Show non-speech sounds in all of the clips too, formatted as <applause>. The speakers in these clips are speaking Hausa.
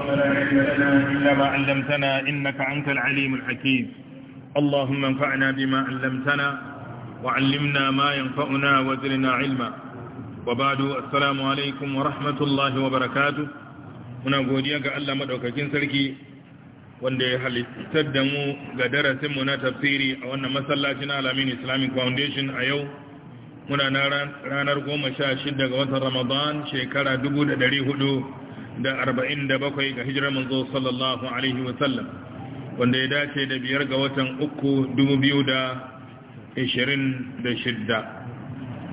اللهم لا علم لنا إلا ما علمتنا إنك أنت العليم الحكيم اللهم انفعنا بما علمتنا وعلمنا ما ينفعنا وزرنا علما وبعد السلام عليكم ورحمة الله وبركاته muna godiya ga Allah madaukakin sarki wanda ya halittar da mu ga darasinmu na tafsiri a wannan masallacin Alamin Islamic Foundation a yau muna ranar goma sha shida ga watan Ramadan shekara dubu da dari hudu da arba'in da bakwai ga hijirar manzo sallallahu alaihi wasallam wanda ya dace da biyar ga watan uku dubu biyu da ishirin da shidda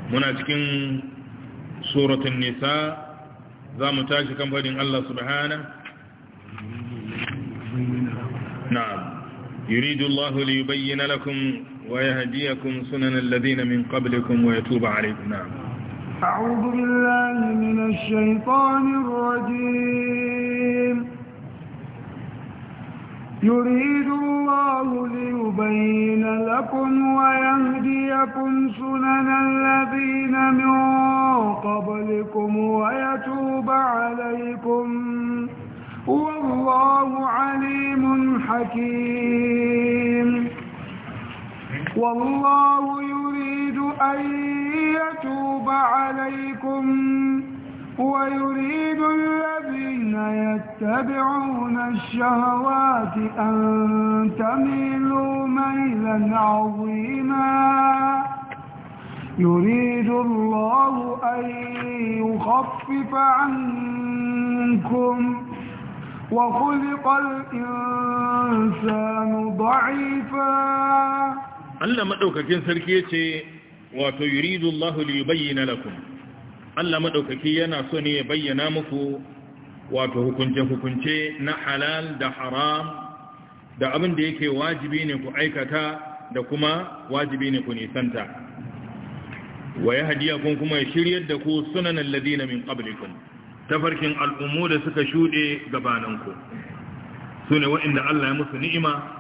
muna cikin suratun nisa za mu tashi kamfanin Allah subhana na'am يريد الله ليبين لكم ويهديكم سنن الذين من قبلكم ويتوب عليكم نعم أعوذ بالله من الشيطان الرجيم يريد الله ليبين لكم ويهديكم سنن الذين من قبلكم ويتوب عليكم والله عليم حكيم والله يريد أن يتوب عليكم ويريد الذين يتبعون الشهوات أن تميلوا ميلا عظيما يريد الله أن يخفف عنكم وخلق الإنسان ضعيفاً Allah maɗaukakin sarki ce, wato yuridu Allahu li yubayyana lakum Allah madaukaki yana so ne ya bayyana muku wato hukunce hukunce na halal da haram da abin da yake wajibi ne ku aikata da kuma wajibi ne ku nisanta wa yahdiyakum kuma ya shiryar da ku sunan Ladina min qablikum tafarkin al'ummu da suka shuɗe gabaninku su ne wa'inda Allah ya musu ni'ima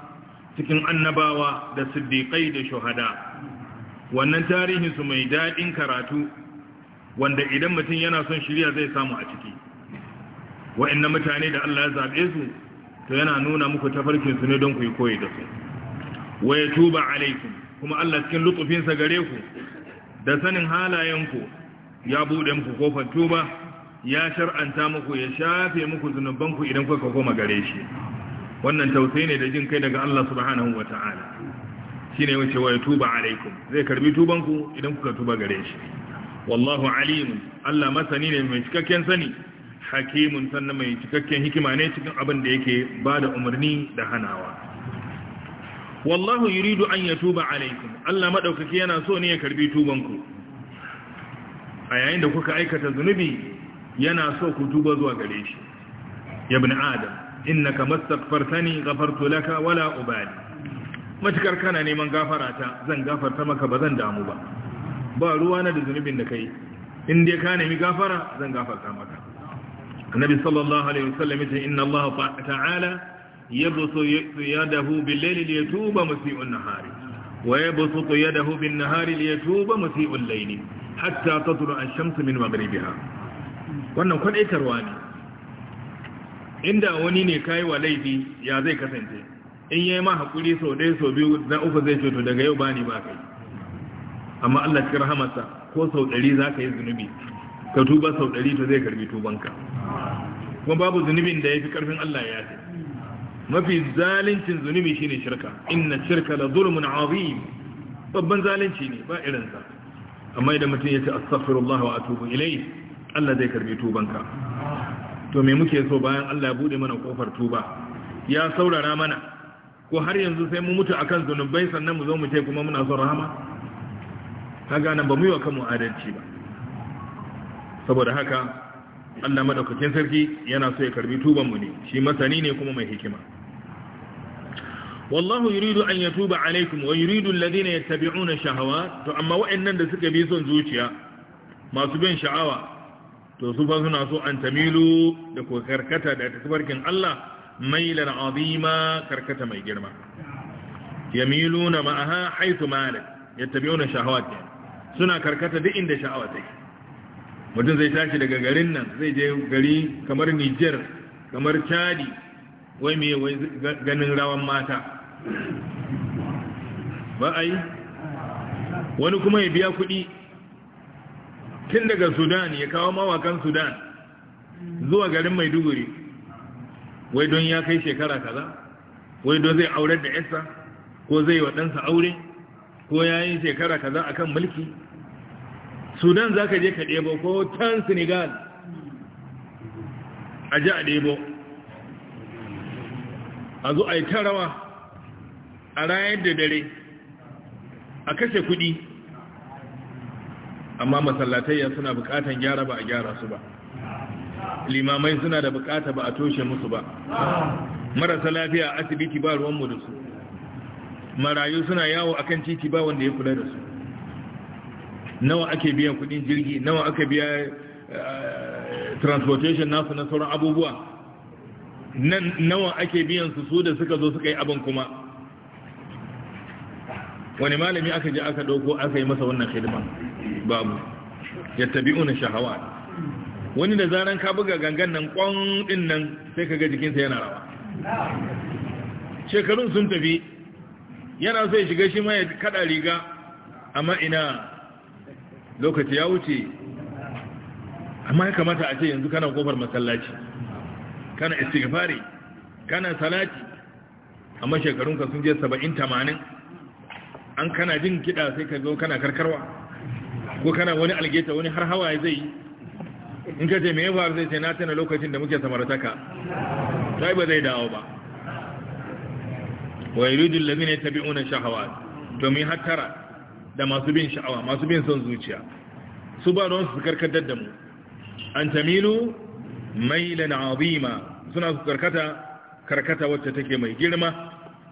cikin annabawa da siddiƙai da shuhada wannan tarihinsu mai daɗin karatu wanda idan mutum yana son shirya zai samu a ciki Wa'inda mutane da Allah ya zaɓe su to yana nuna muku tafarkinsu ne don ku yi koyi da su waya tuba alaikum kuma Allah cikin lutsufinsa gare ku da sanin halayenku ya buɗe muku kofar tuba ya shar'anta muku ya shafe muku zunubanku idan kuka koma gare shi wannan tausayi ne da jin kai daga Allah subhanahu wa ta'ala. Shi ne wace wa ya tuba alaikum zai karbi tubanku idan kuka tuba gare shi wallahu alim Allah masani ne mai cikakken sani hakimun sannan mai cikakken hikima ne cikin abin da yake da umarni da hanawa wallahu yuridu an ya tuba alaikum Allah maɗaukaki yana so ne ya karbi tubanku a yayin da kuka aikata zunubi yana so ku tuba zuwa gare shi ya adam innaka mastaghfartani ghafartu laka wala ubali matukar kana neman gafara ta zan gafarta maka ba zan damu ba ba ruwa na da zunubin da kai in dai ka nemi gafara zan gafarta maka annabi sallallahu alaihi wasallam yace inna Allah ta'ala yabsu yadahu bil layli liyatuba musii'un nahari wa yabsu yadahu bin nahari liyatuba musii'ul layli hatta tatlu ash-shamsu min maghribiha wannan kwadaitarwa ne inda wani ne kai wa laifi ya zai kasance in yayi ma hakuri so dai so biyu na uku zai ce to daga yau bani ba kai amma Allah cikin rahamarsa ko sau za zaka yi zunubi ka tuba sau ɗari to zai karbi tubanka kuma babu zunubin da yafi karfin Allah ya yafe mafi zalincin zunubi shine shirka inna shirka la zulmun azim babban zalunci ne ba irin sa amma idan mutum ya ce astaghfirullah wa atubu ilayhi Allah zai karbi tubanka to me muke so bayan Allah ya bude mana kofar tuba ya saurara mana ko har yanzu sai mu mutu akan zunubai sannan mu zo mu ce kuma muna son rahama kaga nan ba mu yi wa kanmu adalci ba saboda haka Allah madaukakin sarki yana so ya karbi tuban mu ne shi masani ne kuma mai hikima wallahu yuridu an yatuba Alaykum, wa yuridu alladhina yattabi'una shahawat to amma wa'annan da suka bi son zuciya masu bin sha'awa to su fa suna so an tamilu da ko karkata da tafarkin Allah mailan azima karkata mai girma yamiluna ma'aha haythu malat yattabi'una shahawat suna karkata duk inda sha'awa take mutum zai tashi daga garin nan zai je gari kamar Niger kamar Chadi wai me wai ganin rawan mata ba ai wani kuma ya biya kuɗi tun daga sudan ya kawo mawakan sudan zuwa garin maiduguri wai don ya kai shekara kaza wai don zai aure da yarsa ko zai wa ɗansa aure ko ya yi shekara kaza a kan mulki sudan za ka je ka ɗebo ko can senegal a ji a ɗebo a zo a yi tarawa a rayar da dare a kashe kuɗi amma masallatayya suna bukatan gyara ba a gyara su ba limamai suna da bukata ba a toshe musu ba marasa lafiya a asibiti ba ruwanmu da su marayu suna yawo akan titi ba wanda ya kula da su nawa ake biyan kudin jirgi nawa ake biya eh, transportation nasu na sauran abubuwa nawa ake biyan su su da suka zo suka yi abin kuma wani malami aka je aka ɗauko aka yi masa wannan hidima babu ya una shahawa wani da zaran ka buga gangan nan kwan din nan sai ka ga jikinsa yana rawa shekarun sun tafi yana sai shiga shi ma ya kada riga amma ina lokaci ya wuce amma ya kamata a ce yanzu kana kofar masallaci kana istighfari kana salati amma shekarunka sun je 70 80 an kana jin kiɗa sai ka zo kana karkarwa ko kana wani algeta wani har hawaye zai yi in ka ce mai faru zai ce na tana lokacin da muke samartaka sai ba zai dawo ba wa yuridul ladina yattabi'una shahawat to mai hattara da masu bin sha'awa masu bin son zuciya su ba don su karkatar da mu an tamilu mailan azima suna su karkata karkata wacce take mai girma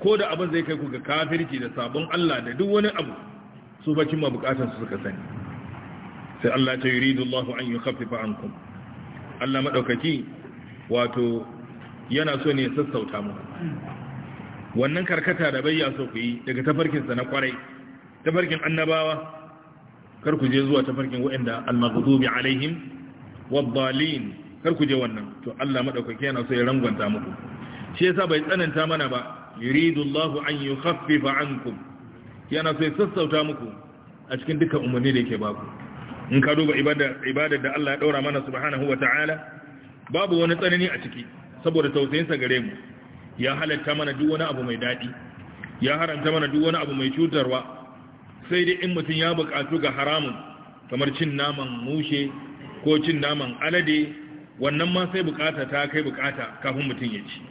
ko da abin zai kai ku ga kafirci da sabon Allah da duk wani abu su bacin ma bukatun su suka sani sai Allah ta yuridu Allah an yukhaffifa ankum Allah madaukaki wato yana so ne ya sassauta mu wannan karkata da bayya so ku yi daga tafarkinsa na kwarai tafarkin annabawa kar ku je zuwa tafarkin waɗanda al-maghdubi alaihim wad-dallin kar ku je wannan to Allah madaukaki yana so ya rangwanta muku shi yasa bai tsananta mana ba yuridu Allah an yukhaffifa ankum yana so ya sassauta muku a cikin dukkan umarni da yake baku in ka duba ibadar da Allah ya daura mana subhanahu wa ta'ala babu wani tsanani a ciki saboda tausayinsa gare mu ya halatta mana duk wani abu mai daɗi ya haramta mana duk wani abu mai cutarwa sai dai in mutum ya buƙatu ga haramun kamar cin naman mushe ko cin naman alade wannan ma sai bukata ta kai bukata kafin mutum ya ci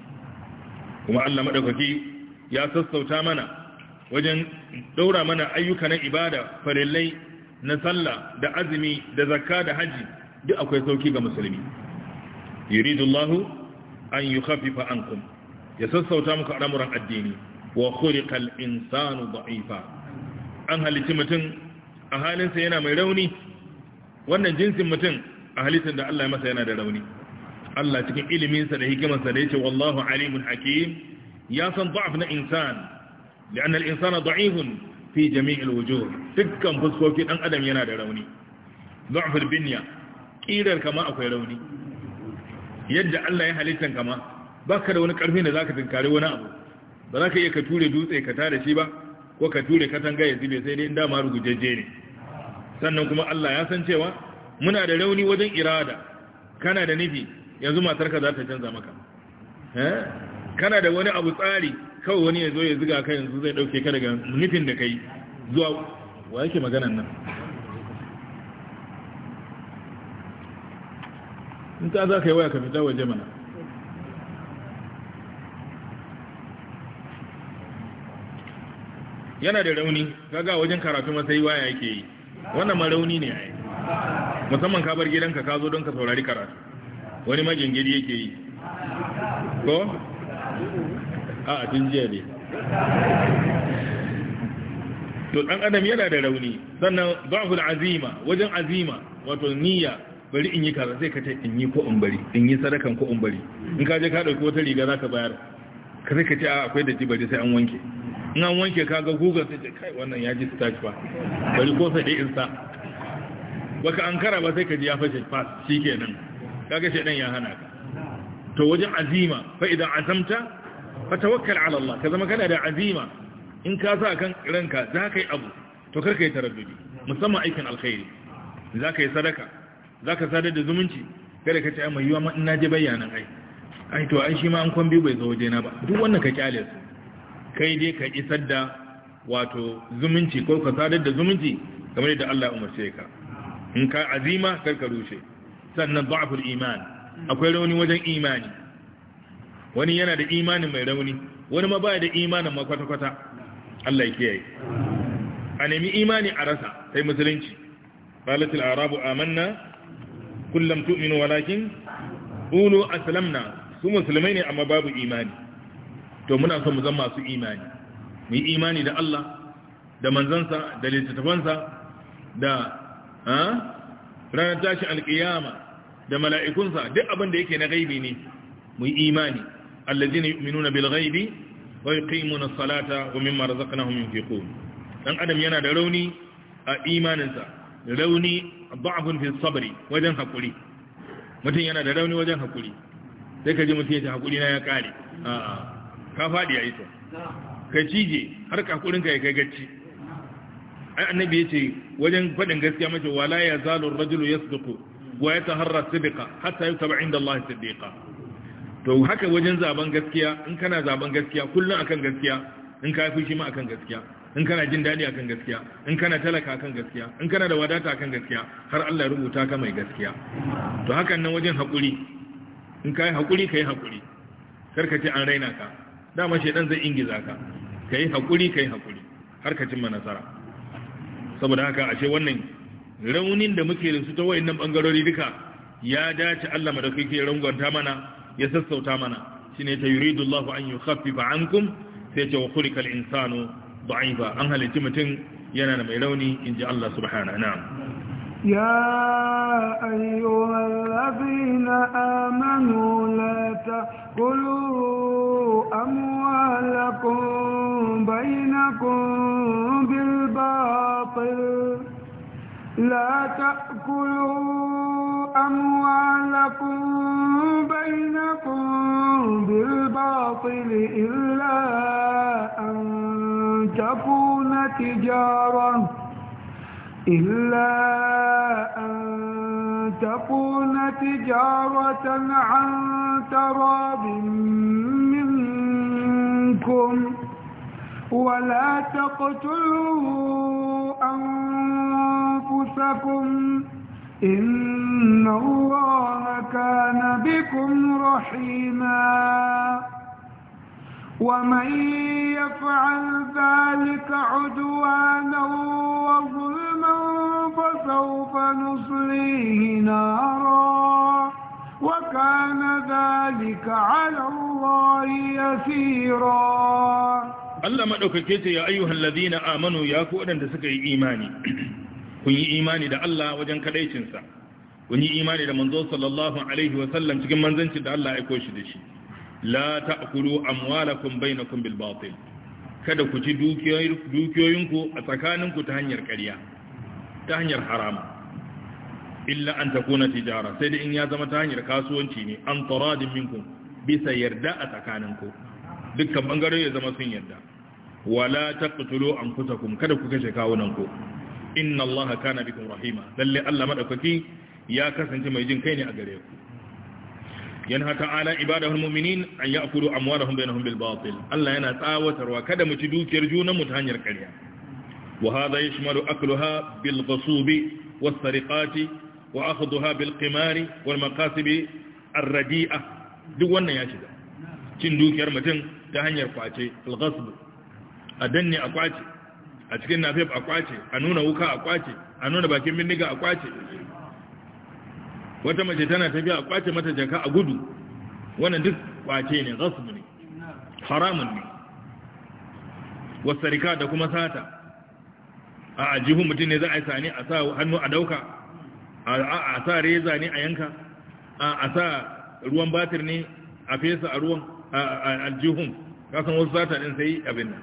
kuma Allah madaukaki ya sassauta mana wajen daura mana ayyuka na ibada farillai na sallah da azumi da zakka da haji duk akwai sauki ga musulmi yuridullahu an yukhaffifa ankum ya sassauta muku al'amuran addini wa khuliqal insanu da'ifa an halitti mutum a halinsa yana mai rauni wannan jinsin mutum a halittar da Allah ya masa yana da rauni Allah cikin iliminsa da hikimarsa da yace wallahu alimun hakim ya san da'af na insan li'anna al-insana da'ifun fi jami'il wujuh dukkan fuskoki dan adam yana da rauni dha'ful binya kirar kama akwai rauni yadda Allah ya halitta kama baka da wani karfi da zaka tinkare wani abu ba zaka iya ka ture dutse ka tada shi ba ko ka ture katanga ya zube sai dai inda ma rugujeje ne sannan kuma Allah ya san cewa muna da rauni wajen irada kana da nifi yanzu matarka za ta canza maka eh? kana da wani abu tsari kawai wani ya zo ya ziga ka yanzu zai dauke ka daga nufin da kai zuwa wa yake maganan nan in ta za ka yi waya ka fita waje mana yana da rauni kaga wajen karatu masai waya yake yi wannan ma rauni ne musamman ka bar gidanka ka zo don ka saurari karatu wani gidi yake yi ko a tun jiya ne to dan adam yana da rauni sannan ba'ul azima wajen azima wato niyya bari in yi kaza sai ka ce in yi ko in bari in yi sadakan ko in bari in ka je ka dauki wata riga zaka bayar ka sai ka ce a akwai datti bari sai an wanke in an wanke ka ga gugan sai kai wannan ya ji stage ba bari ko sai dai insa baka ankara ba sai ka ji ya fashe fas shikenan kaga shedan ya hana ka to wajen azima fa idan azamta fa tawakkal ala Allah ka zama kana da azima in ka sa kan ranka za ka yi abu to kar ka yi taraddudi musamman aikin alkhairi za ka yi sadaka za ka sadar da zumunci kada ka ce ai mai yiwa ma ina je bayanan ai ai to ai shi ma an kwambi bai zo waje na ba duk wannan ka kyale su kai dai ka isar da wato zumunci ko ka sadar da zumunci kamar yadda Allah umarce ka in ka azima kar ka rushe sannan da'ful iman akwai rauni wajen imani wani yana da imanin mai rauni wani ma baya da imanin ma kwata-kwata Allah ya kiyaye a nemi imani a rasa sai musulunci qalatil arabu amanna kullam tu'minu walakin qulu aslamna su musulmai ne amma babu imani to muna son mu zama masu imani mu yi imani da Allah da manzansa da littattafansa da ranar tashi alkiyama da mala'ikunsa duk abin da yake na gaibi ne mu yi imani allazina yu'minuna bil ghaibi wa yuqimuna as-salata wa mimma razaqnahum yunfiqun dan adam yana da rauni a imaninsa rauni da'afun fi sabri wajen hakuri mutum yana da rauni wajen hakuri sai ka ji mutum ya hakuri na ya kare a ka fadi yayi to ka cije har ka hakurin ka ya kai gacci ai annabi yace wajen fadin gaskiya mace wala ya zalu ar-rajulu yasduqu wa yataharra sidqa hatta yutaba inda Allah siddiqa to haka wajen zaben gaskiya in kana zaben gaskiya kullum akan gaskiya in ka fi shi ma akan gaskiya in kana jin daɗi akan gaskiya in kana talaka akan gaskiya in kana da wadata akan gaskiya har Allah rubuta ka mai gaskiya to hakan nan wajen haƙuri in ka yi haƙuri ka yi haƙuri kar ka ce an raina ka dama shaidan zai ingiza ka ka yi haƙuri ka yi haƙuri har ka cimma nasara saboda haka ashe wannan raunin da muke da su ta wayannan bangarori duka ya dace Allah madaukake rangonta mana ya sassauta mana shine ta yuridu Allahu an yukhaffifa ankum sai ce wa khuliqa al-insanu da'ifa an halitti mutum yana da mai rauni inji Allah subhanahu na'am يا أيها الذين آمنوا لا تأكلوا أموالكم بينكم بالباطل لا تأكلوا أموالكم بينكم بالباطل إلا أن تكون تجارة إلا أن تكون تجارة عن تراب منكم ولا تقتلوا أنفسكم إن الله كان بكم رحيما ومن يفعل ذلك عدوانا وظلما فسوف نصليه نارا وكان ذلك على الله يسيرا Allah maɗaukake ce ya ayyuhan ladina amanu ya ku waɗanda suka yi imani <clears throat> kun yi imani da Allah wajen kadaicinsa kun yi imani da manzo sallallahu alaihi wa sallam cikin manzanci da Allah ya aiko shi da shi la ta'kulu amwalakum bainakum bil batil kada ku ci dukiyoyinku a tsakaninku ta hanyar ƙarya ta hanyar harama illa an takuna tijara sai da in ya zama ta hanyar kasuwanci ne an taradin minkum bisa yarda a tsakaninku dukkan bangare ya zama sun yarda wala taqtulu anfusakum kada ku kashe kawunanku? ku inna allaha kana bikum rahima lalle Allah madaukaki ya kasance mai jin kai ne a gare ku yanha ta'ala ibadahul mu'minin an ya'kulu amwalahum bainahum bil batil Allah yana tsawatarwa kada mu ci dukiyar junan mu ta hanyar ƙarya wa hadha yashmalu akluha bil ghasubi was sariqati wa akhdhuha bil qimari wal maqasibi ar radi'a duk wannan ya shiga cin dukiyar mutum ta hanyar kwace al ghasb a danne a kwace a cikin nafif a kwace a nuna wuka a kwace a nuna bakin bindiga a kwace wata mace tana tafiya a kwace mata jaka a gudu wannan duk kwace ne zasu ne haramun ne wasarika da kuma sata a ajihun mutum ne za a yi sani a sa hannu a dauka a sa reza ne a yanka a sa ruwan batir ne a fesa a ruwan a aljihun kasan wasu sata din sai abin nan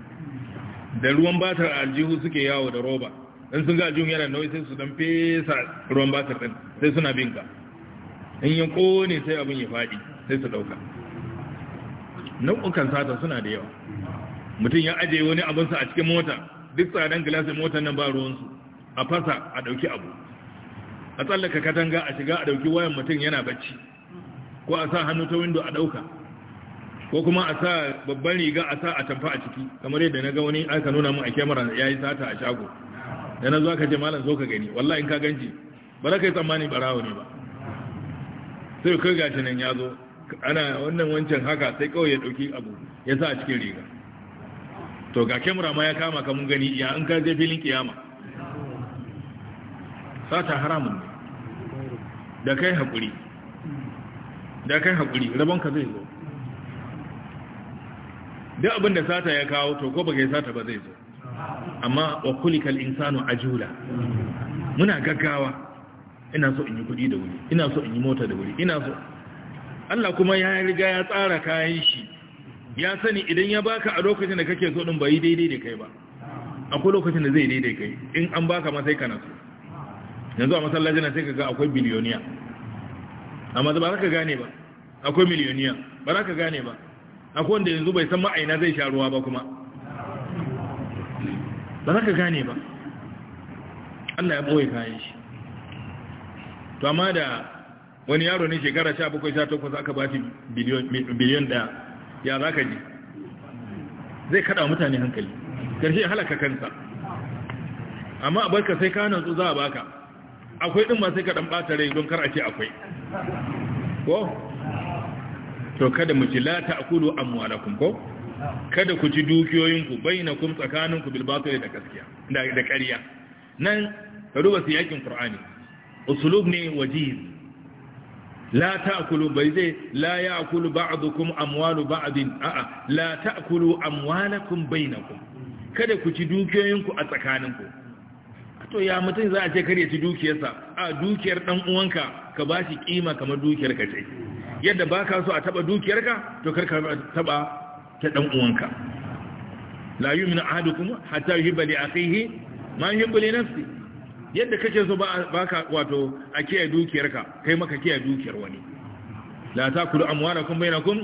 da ruwan batar aljihu suke yawo da roba in sun ga aljihun yana nauyi sai su dan fesa ruwan batar din sai suna bin ka in ya kone sai abin ya faɗi sai su ɗauka nau'ukan sata suna da yawa mutum ya ajiye wani abinsa a cikin mota duk tsadan gilasin motar nan ba ruwansu a fasa a ɗauki abu a tsallaka katanga a shiga a ɗauki wayan mutum yana bacci ko a sa hannu ta windo a ɗauka ko kuma a sa babban riga a sa a tamfa a ciki kamar yadda na ga wani aka nuna mu a kyamara ya yi sata a shago da na zuwa ka ce malam zo ka gani wallahi in ka ganji ba za ka yi tsammani barawo ne ba sai ka gashi nan ya zo ana wannan wancan haka sai kawai ya ɗauki abu ya sa a cikin riga to ga kyamara ma ya kama ka mun gani ya in ka je filin kiyama sata haramun ne da kai hakuri, da kai rabon ka zai zo duk abin da sata ya kawo to ko ba kai sata ba zai zo amma wa kulikal insanu ajula muna gaggawa ina so in yi kuɗi da wuri ina so in yi mota da wuri ina so Allah kuma ya riga ya tsara kayan shi ya sani idan ya baka a lokacin da kake so din bai daidai da kai ba akwai lokacin da zai daidai kai in an baka ma sai kana so yanzu a masallacin sai ka ga akwai biliyoniya amma ba za ka gane ba akwai miliyoniya ba za ka gane ba akwai wanda yanzu bai san ma'aina zai sha ruwa ba kuma ba za ka gane ba Allah ya boye kayan shi to amma da wani yaro ne shekara sha bakwai sha takwas aka ba shi biliyon ɗaya ya za ka ji zai kaɗa mutane hankali karshe halaka kansa amma a barka sai ka nan za a baka akwai ɗin ma sai ka dan ɓata rai don kar a ce akwai ko to kada mu ci la ta'kulu amwalakum ko kada ku ci dukiyoyinku bainakum tsakaninku bil batil da gaskiya da da ƙarya nan ka su yakin qur'ani usulub ne wajib la ta'kulu bai zai la ya'kulu ba'dukum amwalu ba'din a'a la ta'kulu amwalakum bainakum kada ku ci dukiyoyinku a tsakaninku to ya mutum za a ce kare ci dukiyarsa a dukiyar dan uwanka ka bashi kima kamar dukiyar ka ce yadda ba ka so a taba dukiyarka to karka taba ta dan uwanka la yu'minu ahadukum hatta yuhibba li akhihi ma yuhibbu li nafsi yadda kake so ba ka wato a kiyaye dukiyarka kai maka kiyaye dukiyar wani la taqulu amwalakum bainakum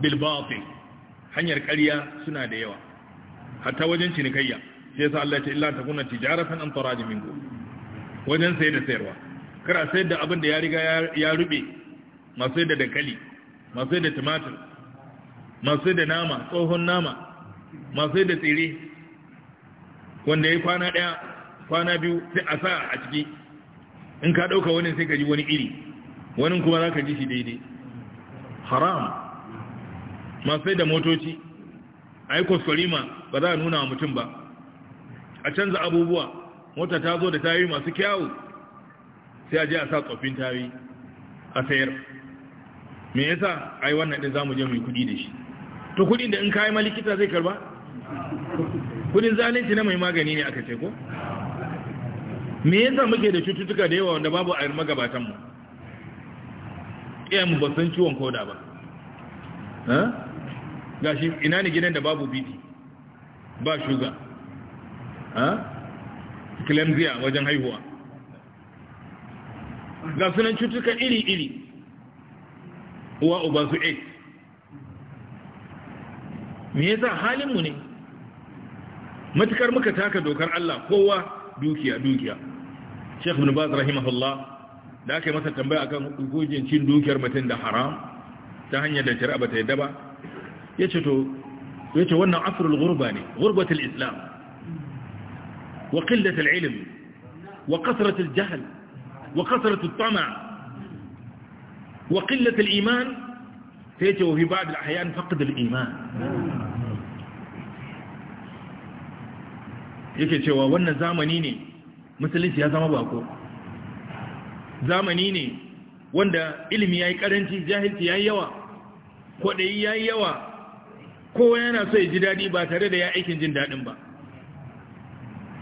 bil batil hanyar ƙarya suna da yawa hatta wajen cinikayya sai sa Allah ya ce illa takuna tijaratan an taraji minkum wajen sayar da sayarwa kar a sayar da abin da ya riga ya rube masu da dankali masu da tumatir masu da nama tsohon nama masu da tsere? wanda ya kwana ɗaya kwana biyu sai a sa a ciki in ka ɗauka wani sai ka ji wani iri wani kuma za ka ji shi daidai haram masu da motoci a yi kwaskwarima ba za a nuna wa mutum ba a canza abubuwa mota ta zo da tayoyi masu kyawu sai a je a sa tsoffin tayoyi a sayar me yasa ai wannan din zamu je mu yi kudi da shi to kudin da in kai ma likita zai karba kudin zalunci na mai magani ne aka ce ko me yasa muke da cututtuka da yawa wanda babu a magabatan mu Iyamu ba san ciwon koda ba ha gashi ina ne gidan da babu bidi ba shuga ha clamzia wajen haihuwa ga sunan cututtuka iri-iri uwa uba su aids me yasa halinmu ne matukar muka taka dokar Allah kowa dukiya dukiya Sheikh Ibn Baz rahimahullah da aka masa tambaya akan hukuncin cin dukiyar mutum da haram ta hanyar da shari'a bata yadda ba yace to yace wannan afrul ghurba ne ghurbatul islam wa qillatul ilm wa kasratul jahl wa kasratul tama' wa ƙillatul iman sai ce wa fi ba da iman yake cewa wannan zamani ne musulunci ya zama bako zamani ne wanda ilimi ya yi ƙaranci jahilci ya yi yawa kwaɗayi ya yi yawa kowa yana so ya ji daɗi ba tare da ya aikin jin daɗin ba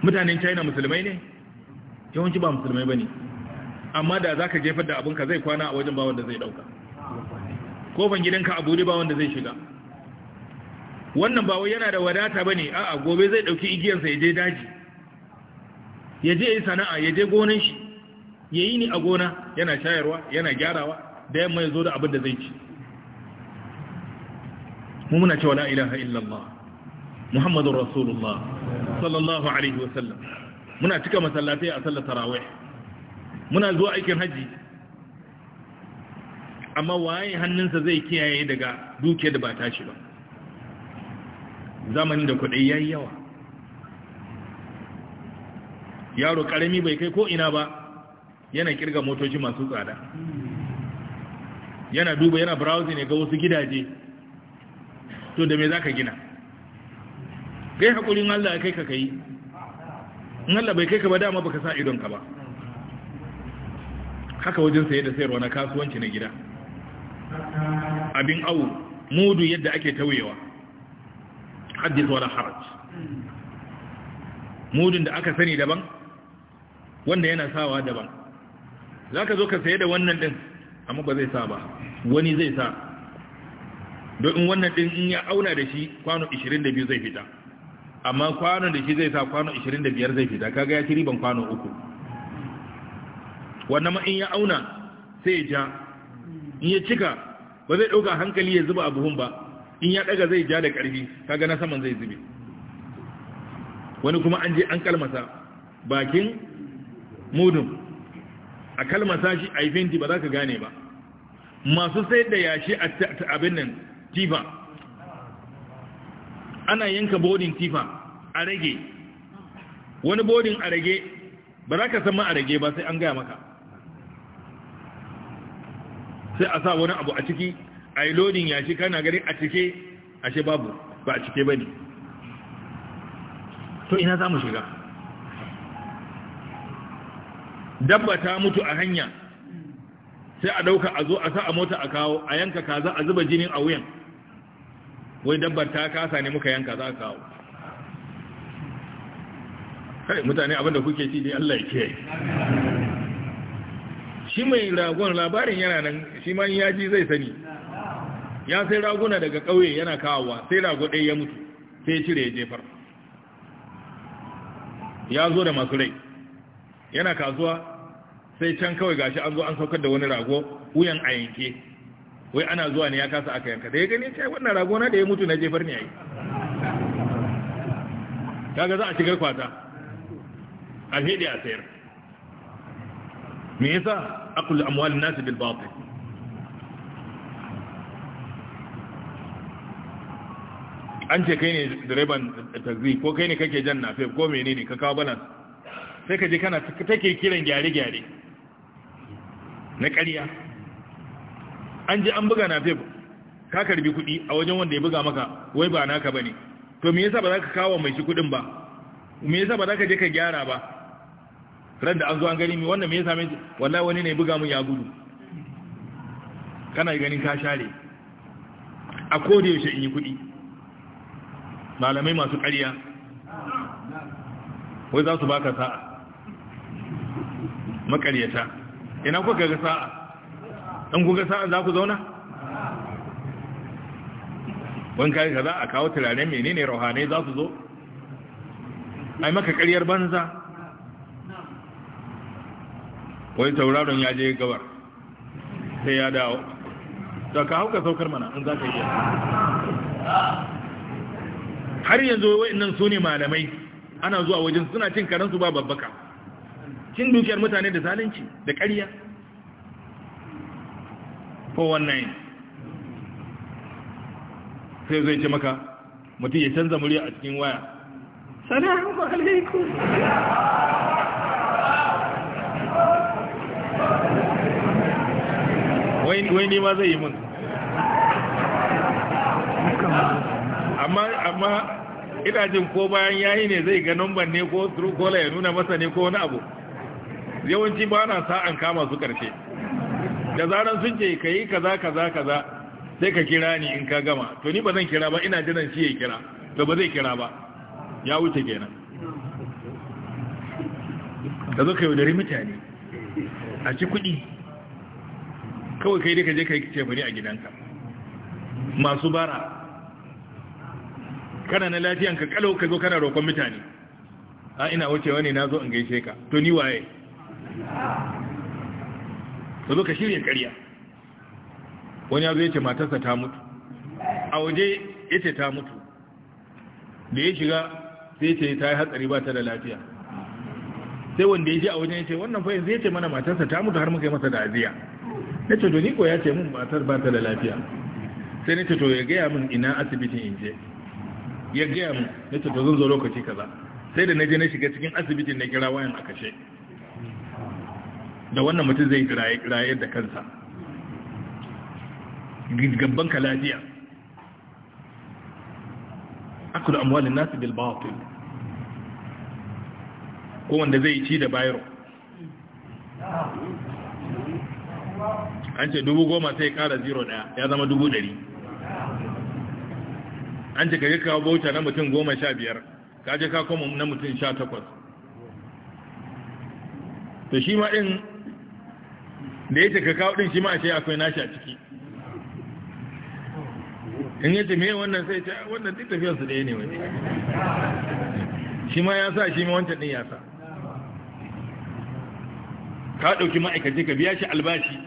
mutanen china musulmai ne yawanci ba musulmai ba ne amma da za ka jefar da abinka zai kwana a wajen ba wanda zai dauka kofan gidanka abu ne ba wanda zai shiga wannan ba yana da wadata ba ne a'a gobe zai dauki igiyarsa ya je daji ya je yi sana'a ya je gonan shi ya yi ni a gona yana shayarwa yana gyarawa da yamma ya zo da abin da zai ci mummuna cewa la ilaha illallah muhammadun rasulullah sallallahu alaihi wasallam muna cika masallatai a sallar tarawih muna zuwa aikin hajji amma waye hannunsa zai kiyaye daga duke da ba tashi ba zamanin da kudai yayi yawa yaro karami bai kai ko ina ba yana kirga motoci masu tsada yana duba yana browsing ne ga wasu gidaje to da me zaka gina kai hakurin Allah kai ka kai in Allah bai kai ka ba dama baka sa idon ka ba haka wajen saye da sayarwa na kasuwanci na gida abin awu mudu yadda ake tauyewa haddis wala haraj mudun da aka sani daban wanda yana sawa daban za ka zo ka saye da wannan din amma ba zai sa ba wani zai sa don in wannan din in ya auna da shi kwano 22 zai fita amma kwano da shi zai sa kwano 25 zai fita kaga ya ci riban kwano uku wannan ma in ya auna sai ya ja in ya cika ba zai ɗauka hankali ya zuba abuhun ba in ya ɗaga zai ja da ƙarfi kaga na saman zai zube wani kuma an je an kalmasa bakin mudun a kalmasa shi a fenti ba za ka gane ba masu sai da yashi a abin nan tifa ana yanka bodin tifa a rage wani bodin a rage ba za ka san ma a rage ba sai an gaya maka sai a sa wani abu a ciki a yi lodin yashi kana gari a cike ashe babu ba a cike ba ne to ina za mu shiga dabba ta mutu a hanya sai a ɗauka a zo a sa a mota a kawo a yanka kaza a zuba jinin a wuyan wai dabbar ta kasa ne muka yanka za a kawo kai mutane abinda kuke ci dai Allah ya kiyaye shi mai ragon labarin yana nan shi ma ya ji zai sani ya sai raguna daga kauye yana kawowa sai rago ɗaya ya mutu sai cire ya jefar ya zo da masu rai yana kasuwa sai can kawai gashi an zo an saukar da wani rago wuyan a yanke wai ana zuwa ne ya kasa aka yanka da ya gani kai wannan rago na da ya mutu na jefar ne Ta kaga za a shigar kwata a hede a sayar me yasa aqul amwal nas bil batil an ce kai ne direban taxi ko kai ne kake jan nafe ko menene ka kawo balance sai ka je kana take kiran gyare-gyare na ƙarya an je an buga nafe ka karbi kuɗi a wajen wanda ya buga maka wai ba naka bane to me yasa ba za ka kawo mai shi kuɗin ba me yasa ba za ka je ka gyara ba ran da an zo an gani mi wannan me ya same wallahi wani ne buga mun ya gudu kana ganin ka share a koda yaushe in yi kuɗi malamai masu ƙarya wai za su baka sa'a makaryata ina ku ga sa'a in kuka sa'a za ku zauna wani ka kaza a kawo turare menene rohanai za su zo ai maka ƙaryar banza wai tauraron ya je gabar sai ya dawo da ka hauka saukar mana in za ka yi har yanzu nan su ne malamai ana zuwa wajen suna cin karansu ba babbaka cin dukiyar mutane da zalunci da ƙarya 419 sai zai ce maka mutum ya canza murya a cikin waya salamu alaikum wai ne ma zai yi mun amma ina jin ko bayan yayi ne zai ga numban ne ko kola ya nuna masa ne ko wani abu yawanci ba na sa'an kama su karshe da zaran sun ce ka yi kaza kaza kaza sai ka kira ni in ka gama to ni ba zan kira ba ina jiran shi ya kira to ba zai kira ba ya wuce kenan ka zo ka yaudari mutane a ci kuɗi kawai kai dai ka je ka yi cefane a gidanka masu bara kana na lafiyan ka kalau ka zo kana roƙon mutane a ina wucewa ne na zo in gaishe ka to ni waye ka zo ka shirya ƙarya wani ya zo ya ce matarsa ta mutu a waje ya ce ta mutu da ya shiga sai ce ta yi hatsari ba ta da lafiya sai wanda ya je a wajen ya ce wannan fa zai ya ce mana matarsa ta mutu har muka yi masa da aziya na ce to ni ko ya ce mun matar ba ta da lafiya sai na ce to ya gaya min ina asibitin in je ya gaya min na ce to zan zo lokaci kaza sai da na je na shiga cikin asibitin na kira wayan a kashe da wannan mutum zai rayar da kansa gabban ka lafiya Akwai amwalin nasu bil batil ko wanda zai ci da bayro an ce dubu goma sai kara zero daya ya zama dubu dari an ce kaje kawo bauta na mutum goma sha biyar kaje ka koma na mutum sha takwas to shi ma ɗin da ya ce ka kawo ɗin shi ma a ce akwai nashi a ciki in ya ce mai wannan sai ce wannan duk tafiyarsu ɗaya ne wani shi ma ya sa shi ma wancan ɗin ya sa ka ɗauki ma'aikaci ka biya shi albashi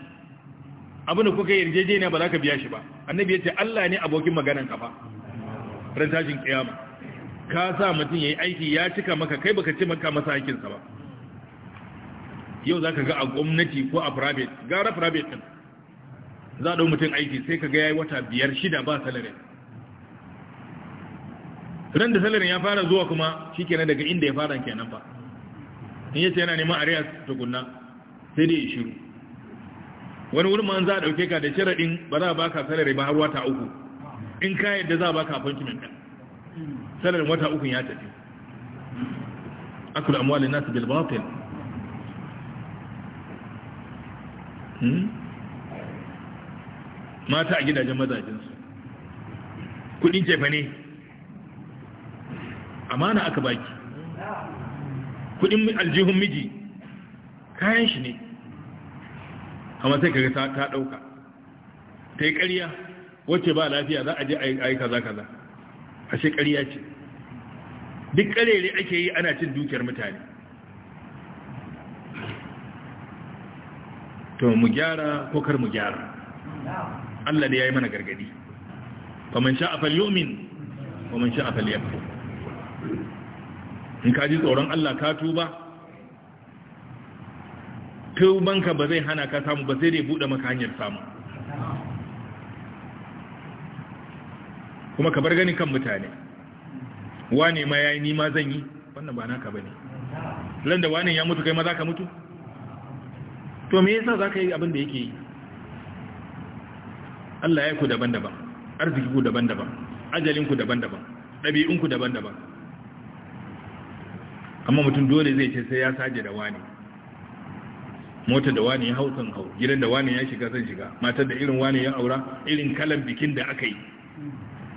abinda kuka yi yarjejeniya ba za ka biya shi ba annabi ya ce Allah ne abokin maganan ka ba ran tashin kiyama ka sa mutum yayi aiki ya cika maka kai baka ce maka masa aikin sa ba yau zaka ga a gwamnati ko a private gara private din za a ɗau mutum aiki sai ka ga yayi wata biyar shida ba salari. ran da salarin ya fara zuwa kuma shikenan daga inda ya fara kenan fa in yace yana neman arias tukunna sai dai shiru wani wurin man za a dauke ka da sharaɗin ba za a baka salari ba har wata uku in ka yadda za a baka appointment ka salarin wata uku ya tafi akul amwalin nasu bil batil hmm? mata a gidajen su. kudin cefa ne amana aka baki kudin aljihun miji kayan shi ne amma sai kaga ta dauka ta yi ƙarya wacce ba lafiya za a je a yi kaza kaza ashe ƙarya ce duk ƙarere ake yi ana cin dukiyar mutane to mu gyara ko kar mu gyara Allah da ya yi mana gargadi faman sha a falyomin faman sha a falyakfo in ka ji tsoron Allah ka tuba tubanka ba zai hana ka samu ba sai dai buɗe maka hanyar samu kuma ka bar gani kan mutane wane ma yayi ni ma zan yi wannan ba naka bane lan da wani ya mutu kai ma zaka ka mutu to me yasa za ka yi abin da yake yi Allah ya ku daban-daban arziki ku daban-daban ajalin ku daban-daban dabi'un ku daban-daban amma mutum dole zai ce sai ya saje da wani motar da wani ya hau san hau gidan da wani ya shiga zan shiga matar da irin wani ya aura irin kalan bikin da aka yi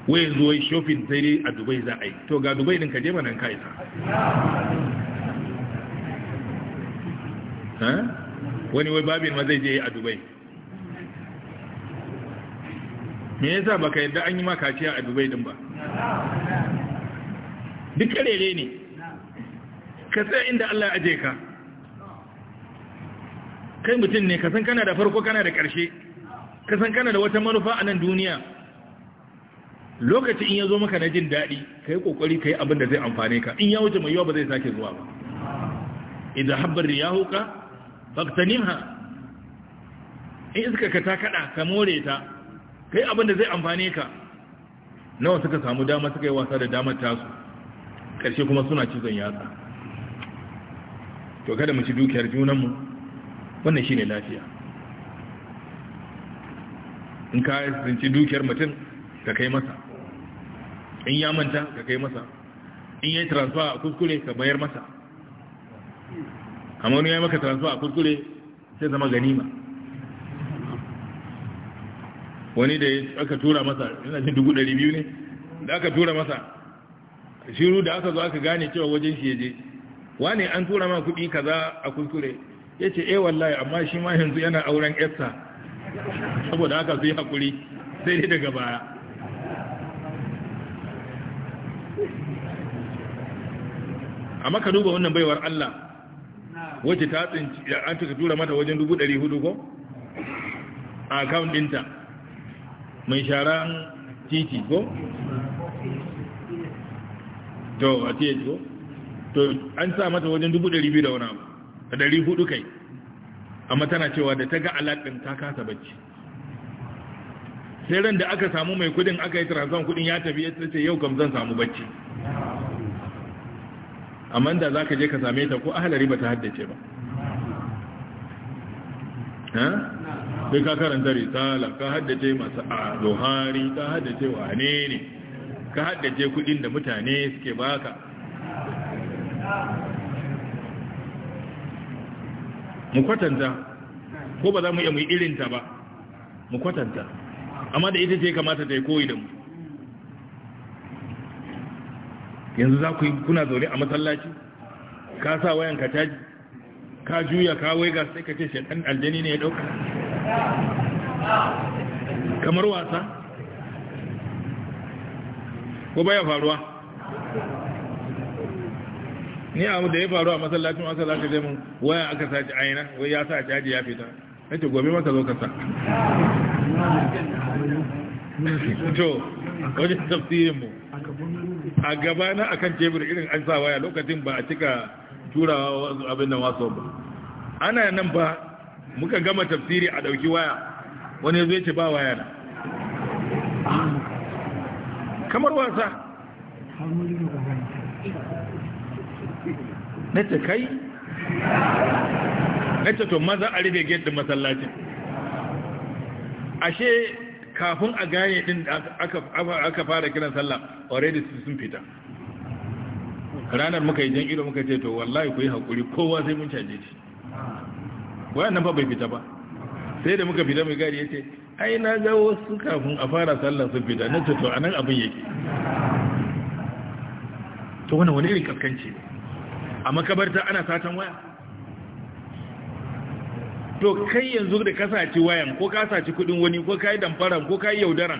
wai zuwa shopping sai dai a dubai za a yi to ga dubai din ka je manan ka sa. wani wai babin ma zai je a dubai me yasa baka yadda an yi ma kaciya a dubai din ba duk karere ne ka sai inda Allah aje ka kai mutum ne kasan kana da farko kana da ƙarshe kasan kana da wata manufa a nan duniya lokaci in ya zo maka na jin daɗi ka yi ƙoƙari ka yi abin da zai amfane ka in ya wuce mai yawa ba zai sake zuwa ba idan habbar ya huka faktanin ha in iska ka ta kaɗa ka more ta ka yi abin da zai amfane ka nawa suka samu dama suka yi wasa da damar tasu ƙarshe kuma suna cizon yatsa to kada mu ci dukiyar junanmu wannan shi ne lafiya in ka yi tsinci dukiyar mutum ka kai masa in ya manta ka kai masa in ya yi transfer a kuskure ka bayar masa kamar wani ya yi maka transfer a kuskure sai zama ganima wani da aka tura masa yana cin dubu ɗari biyu ne da aka tura masa shiru da aka zo aka gane cewa wajen shi ya je wane an tura ma kuɗi kaza a kuskure ya ce eh wallahi amma shi ma yanzu yana auren yarsa saboda haka zai yi haƙuri sai dai daga baya amma ka duba wannan baiwar Allah wacce ta tsinci an tuka tura mata wajen dubu ɗari hudu ko a akawun ɗinta mai sharan titi ko to a tiye ko to an sa mata wajen dubu ɗari biyu da wani abu ɗari hudu kai amma tana cewa da ta ga alaɗin ta kasa bacci sai ran da aka samu mai kudin aka yi transan kudin ya tafi ya ce yau kam zan samu bacci amma da za ka je ka same ta ko ahalari ba ta haddace ba sai ka karanta risala ka haddace masu a buhari ka haddace wane ne ka haddace kudin da mutane suke baka mu kwatanta ko ba za mu iya mu irinta ba mu kwatanta amma da ita ce kamata ta yi koyi da mu yanzu za ku yi kuna zaune a masallaci ka sa wayan ka taji ka juya ka waiga sai ka ce shaɗan aljani ne ya ɗauka kamar wasa ko baya faruwa ni abu da ya faru a masallacin wasu za ka zai mun waya aka sace aina wai ya sa a caji ya fita yake ce gobe masa zo kasa to wajen tafsirinmu a gabana a kan tebur irin an sa waya lokacin ba a cika turawa wasu abin da wasu ba ana nan ba muka gama tafsiri a ɗauki waya wani zai ce ba waya na kamar wasa na kai na to maza a rufe gate din masallacin ashe kafin a gane din aka fara kiran sallah already sun fita ranar muka yi jan ido muka ce to wallahi ku yi haƙuri kowa sai mun caje shi wayan nan fa bai fita ba sai da muka fita mai gari ya ce ai na ga wasu kafin a fara sallah sun fita na ce to anan abin yake to wani wani irin kaskanci ne a makabarta ana satan waya to kai yanzu da ka saci wayan ko ka saci kudin wani ko kai damfaran ko kai yaudaran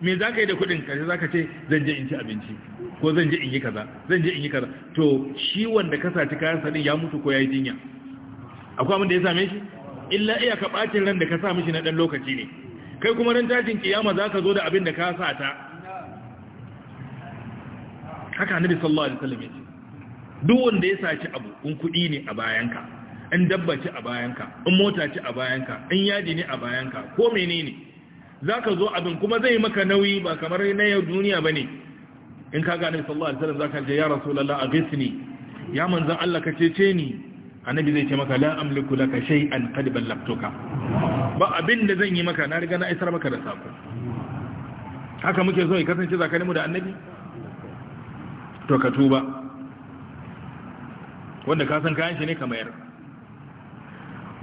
me za ka yi da kudin kashe za ka ce zan je in ci abinci ko zan je in yi kaza zan je in yi kaza to shi wanda ka saci kayan sadin ya mutu ko ya yi jinya akwai abin da ya same shi illa iya ka bacin ran da ka sa mishi na dan lokaci ne kai kuma ran tashin kiyama za ka zo da abin da ka sa ta haka annabi sallallahu alaihi wasallam ya ce duk wanda ya saci abu in kuɗi ne a bayanka in dabba ce a bayanka in mota ce a bayanka in yadi ne a bayanka ko menene za ka zo abin kuma zai maka nauyi ba kamar na yau duniya ba ne in ka gane sallallahu alaihi wasallam zaka ce ya rasulullah aghithni ya manzon Allah ka cece ni annabi zai ce maka la amliku laka shay'an qad ballagtuka ba abin da zan yi maka na riga na isar maka da sako haka muke so ya kasance mu da annabi to ka tuba wanda ka san kayan shi ne ka mayar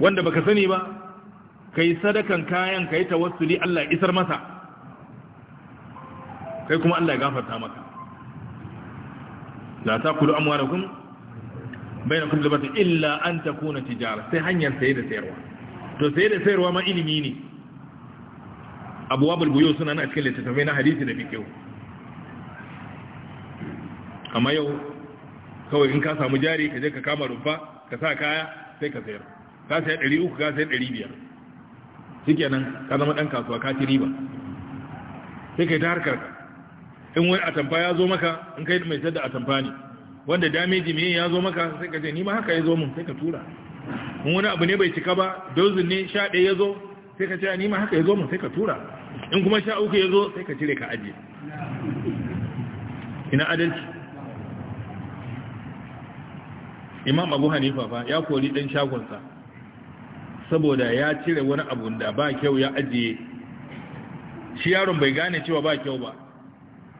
wanda baka sani ba kai sadakan kayan kai tawassuli Allah isar masa kai kuma Allah ya gafarta maka la taqulu amwalakum bainakum libatin illa an takuna tijara sai hanyar sayar da sayarwa to sayar da sayarwa ma ilimi ne abwabul buyu suna a cikin littattafai na hadisi da fiqh amma yau kawai in ka samu jari ka je ka kama rumfa ka sa kaya sai ka sayar ka sayar ɗari uku ka sayar ɗari biyar nan ka zama ɗan kasuwa ka ci riba sai kai ta harkar ka. in wani atamfa ya zo maka in kai mai sayar da atamfa ne wanda dameji me ya zo maka sai ka ce ni ma haka ya zo mun sai ka tura in wani abu ne bai cika ba dozin ne sha ɗaya ya zo sai ka ce ni ma haka ya zo mun sai ka tura in kuma sha uku ya zo sai ka cire ka ajiye ina adalci imam abu hanifa fa ya kori ɗan shagonsa saboda ya cire wani abun da ba kyau ya ajiye shi yaron bai gane cewa ba kyau ba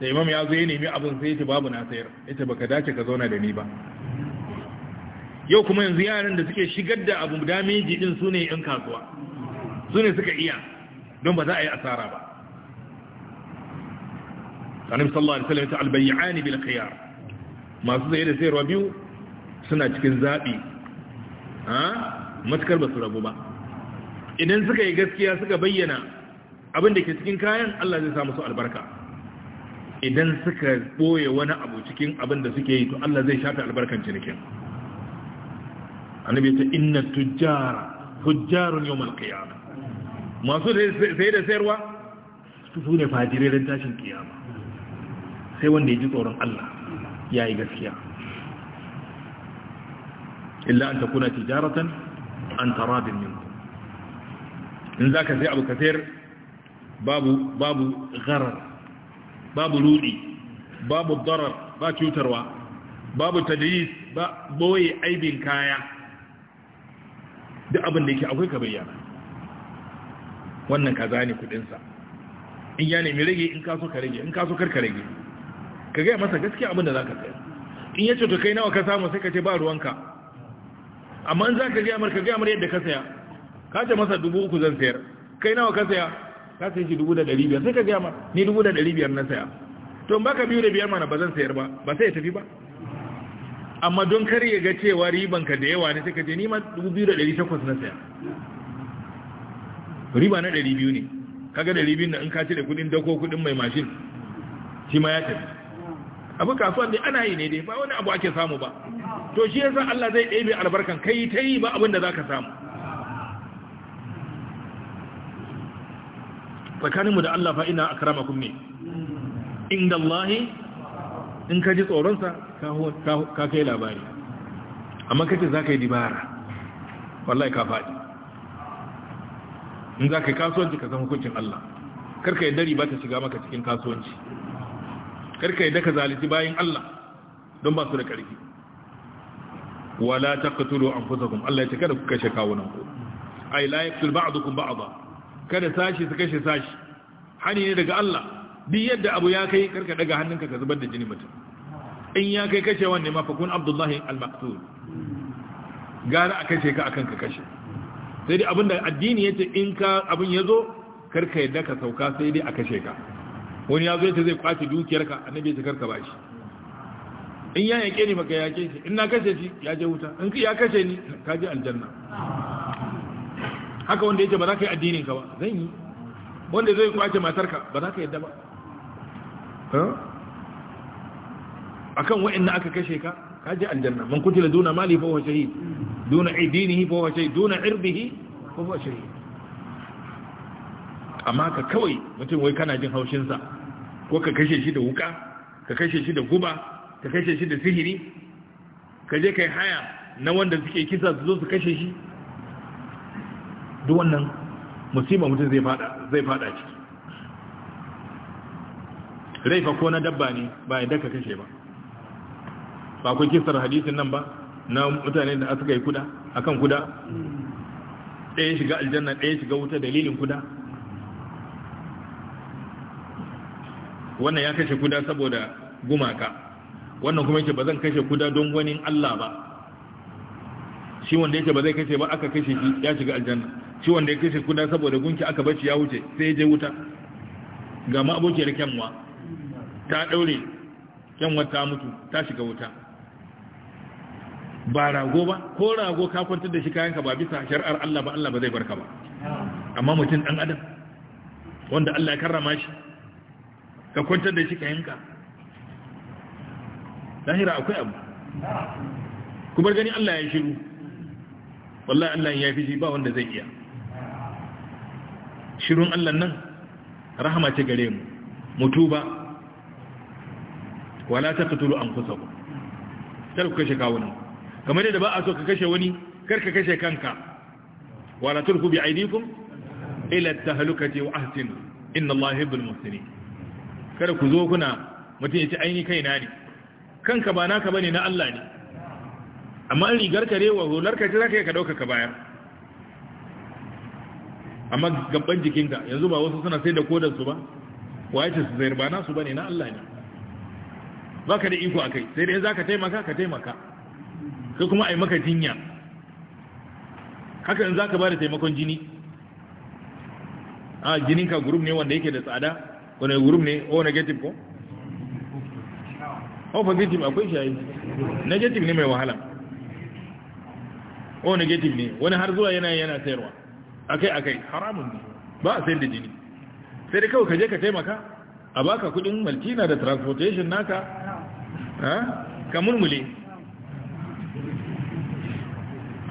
da imam ya zo ya nemi abin sai ya babu na sayar ya baka dace ka zauna da ni ba yau kuma yanzu yaran da suke shigar da abu miji din su ne yan kasuwa su ne suka iya don ba za a yi asara ba annabi sallallahu alaihi wasallam ta albayyani bil khiyar masu saye da sayarwa biyu suna cikin zaɓi matukar ba su rabu ba idan suka yi gaskiya suka bayyana abin da ke cikin kayan Allah zai samu su albarka idan suka ɓoye wani abu cikin abin da suke yi to Allah zai shata albarkan cinikin annabi ta inna tujjara tujjarun yawmal qiyamah masu sai da sayarwa su ne fajirai tashin kiyama sai wanda ya ji tsoron Allah ya yi gaskiya illa an takuna tijaratan an taradin minkum in zaka sai abu kafir babu babu gharar babu rudi babu darar ba cutarwa babu tadlis ba boye aibin kaya duk abin da yake akwai ka bayyana wannan kaza ne kudinsa in ya nemi rage in kaso ka rage in kaso kar ka rage ka gaya masa gaskiya abinda za ka sayar in ya ce to kai nawa ka samu sai ka ce ba ruwanka amma in za ka gaya marka gaya mar yadda ka saya ka ce masa dubu uku zan sayar kai nawa ka saya ka sayi shi dubu da ɗari biyar sai ka gaya mar ni dubu da ɗari biyar na saya to ba ka biyu da biyar mana ba zan sayar ba ba sai ya tafi ba amma don kar ya ga cewa ribanka da yawa ne sai ka ce ni ma dubu biyu da ɗari takwas na saya riba na ɗari biyu ne Ka ga ɗari biyu na in ka ci da kuɗin dako kuɗin mai mashin shi ma ya tafi abu kasuwan dai ana yi ne dai ba wani abu ake samu ba to shi yasa Allah zai ɗebe albarkan kai ta yi ba abinda za ka samu tsakaninmu da Allah fa'ina a karama kunne inda Allahi in ka ji tsoronsa ka kai labari amma kace za ka yi dibara wallahi ka faɗi in za ka yi kasuwanci ka san hukuncin Allah karka yadda riba ta shiga maka cikin kasuwanci karka yadda ka zalisi bayan Allah don ba su da ƙarfi wala taqtulu anfusakum Allah ya ce kada ku kashe kawunan ku ay la yaqtul ba'dukum ba'dha kada sashi su kashe sashi hani ne daga Allah bi yadda abu ya kai karka daga hannunka ka zubar da jini mutum in ya kai kashe wanne ma fakun abdullahi al-maqtul gara a kashe ka akan ka kashe sai dai abinda addini yace in ka abin yazo karka yadda ka sauka sai dai a kashe ka wani ya yazo yace zai kwace dukiyarka annabi ya ce karka bashi in ya yake ni baka yake shi in na kashe shi ya je wuta in ya kashe ni ka je aljanna haka wanda yake ba za ka yi addinin ka ba zan yi wanda zai kwace matarka ba za ka yadda ba akan wa'in na aka kashe ka ka je aljanna man kutila duna mali fa huwa shahid duna idinihi fa huwa shahid duna irbihi fa huwa shahid amma ka kawai mutum wai kana jin haushinsa ko ka kashe shi da wuka ka kashe shi da guba ka kashe shi da sihiri ka je kai haya na wanda suke kisa su zo su kashe shi duk wannan musiba mutum zai fada zai fada ciki raifa ko na dabba ne ba ya daka kashe ba ba akwai kisar hadisin nan ba na mutane da suka yi kuda akan kuda ɗaya shiga aljanna ɗaya shiga wuta dalilin kuda wannan ya kashe kuda saboda gumaka wannan kuma yake ba zan kashe kuda don wani Allah ba shi wanda yake ba zai kashe ba aka kashe shi ya shiga aljanna shi wanda ya kashe kuda saboda gunki aka bace ya wuce sai ya je wuta ga ma abokiyar kyanwa ta daure kyanwa ta mutu ta shiga wuta ba rago ba ko rago ka kwantar da shi kayanka ba bisa shari'ar Allah ba Allah ba zai barka ba amma mutum dan adam wanda Allah ya karrama shi ka kwantar da shi kayanka lahira akwai abu kuma gani Allah ya shiru wallahi Allah ya fi ba wanda zai iya shirun Allah nan rahama ce gare mu mutuba wala taqtulu anfusakum kar ku kashe kawunan kamar yadda ba a so ka kashe wani kar ka kashe kanka wala tulku bi aydikum ila at-tahlukati wa ahsinu inna Allaha yuhibbul muhsinin kada ku zo kuna mutum ya ci aini kaina ne kanka ba naka bane na Allah ne amma in rigar ka rewa hular ka jira ka dauka ka bayar amma gaban jikinka yanzu ba wasu suna sai da kodar su ba waye ce su zairba ba nasu bane na Allah ne baka da iko akai sai dai zaka taimaka ka taimaka sai kuma ai maka jinya haka in zaka da taimakon jini a ah, jinin ka group ne wanda yake da tsada wanda group ne o negative ko oh positive akwai shayi, negative ne mai wahala oh negative ne wani har zuwa yana yana sayarwa akai akai haramun ne ba a sayar da jini sai da kawai ka je ka taimaka a baka kudin maltina da transportation naka ka murmule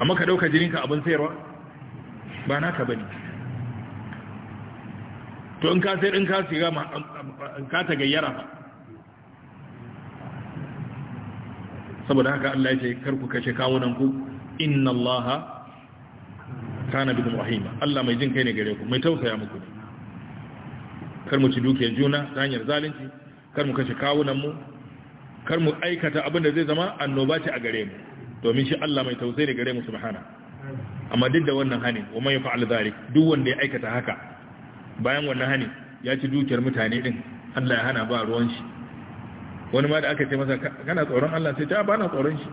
amma ka dauka jininka abin sayarwa ba naka bane to in ka sayar in ka siga ka ta gayyara saboda haka Allah ya ce karku ku kashe kawunan ku inna Allah kana bi rahima Allah mai jin kai ne gare ku mai tausaya muku ne kar mu ci dukiyar juna ta hanyar zalunci kar mu kashe kawunan mu kar mu aikata abin da zai zama annoba ce a gare mu domin shi Allah mai tausayi ne gare mu subhana amma duk da wannan hani wa man yafa'al zalik duk wanda ya aikata haka bayan wannan hani ya ci dukiyar mutane din Allah ya hana ba ruwan shi wani ma da aka ce masa kana tsoron Allah sai ta bana tsoron shi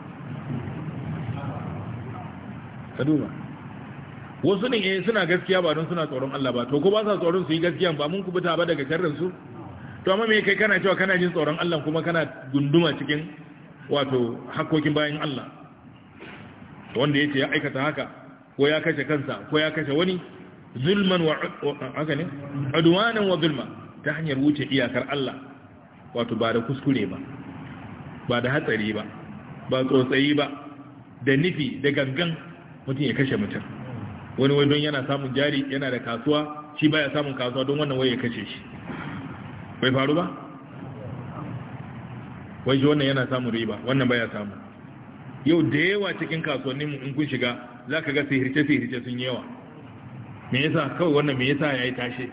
ka duba wasu ne eh suna gaskiya ba don suna tsoron Allah ba to ko ba sa tsoron su yi gaskiya ba mun kubuta ba daga sharrin su to amma me kai kana cewa kana jin tsoron Allah kuma kana gunduma cikin wato hakokin bayan Allah wanda yace ya aikata haka ko ya kashe kansa ko ya kashe wani zulman wa haka ne adwanan wa zulma ta hanyar wuce iyakar Allah wato ba da kuskure ba ba da hatsari ba ba tsotsayi ba da nufi da gangan mutum ya kashe mutum wani wai don yana samun jari yana da kasuwa shi baya samun kasuwa don wannan wai ya kashe shi bai faru ba wai shi wannan yana samun riba wannan baya samu yau da yawa cikin mu in kun shiga za ka ga sihirce-sihirce sun yawa me yasa kawai wannan me yasa ya yi tashe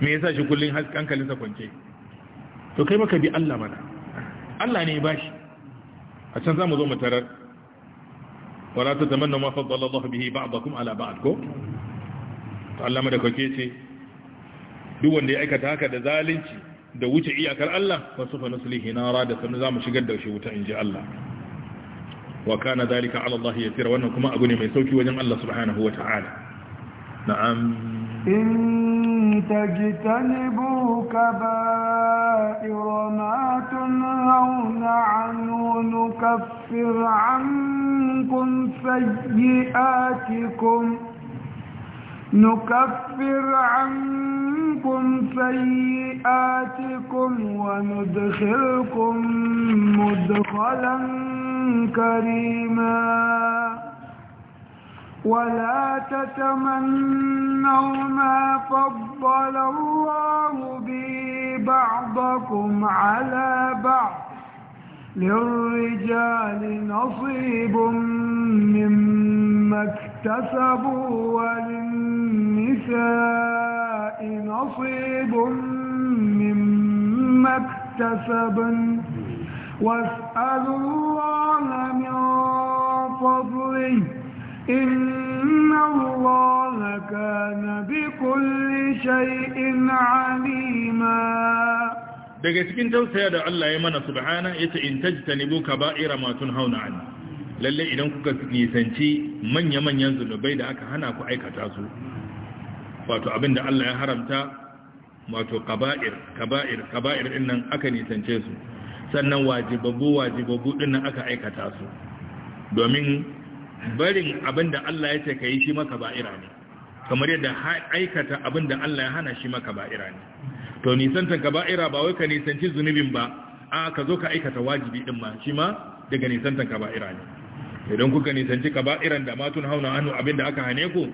me yasa shi kullum hankalinsa kwance to kai maka bi Allah mana Allah ne ba shi a can za mu zo mu tarar wala ta tamanna ma faddala Allah bihi ba kuma ba'd ko to Allah madaukake ce duk wanda ya aikata haka da zalunci da wuce iyakar Allah fa sufa nuslihi ra da sanu za mu shigar da shi wuta in inji Allah wa kana zalika ala Allah ya tsira wannan kuma abu ne mai sauki wajen Allah subhanahu wa ta'ala na'am تجتنبوا كبائر ما تنهون عنه نكفر عنكم سيئاتكم نكفر عنكم سيئاتكم وندخلكم مدخلا كريما ولا تتمنوا ما فضل الله به بعضكم على بعض للرجال نصيب مما اكتسبوا وللنساء نصيب مما اكتسبن واسألوا الله من فضله إن الله كان بكل شيء عليما daga cikin tausaya da Allah ya mana subhana yace in tajtanibu kaba'ira ma tunhauna an lalle idan kuka nisanci manya-manyan zunubai da aka hana ku aikata su wato abinda Allah ya haramta wato kaba'ir kaba'ir kaba'ir din nan aka nisance su sannan wajibabu wajibabu din nan aka aikata su domin barin abin da Allah ya ce ka yi shi maka ba'ira ne kamar yadda aikata abin da Allah ya hana shi maka ba'ira ne to nisantan ka ba'ira ba wai ka nisanci zunubin ba a ka zo ka aikata wajibi din ma shi ma daga nisantan ka ba'ira ne idan kuka nisanci ka ba'iran da ma tun hauna hannu abin da aka hane ku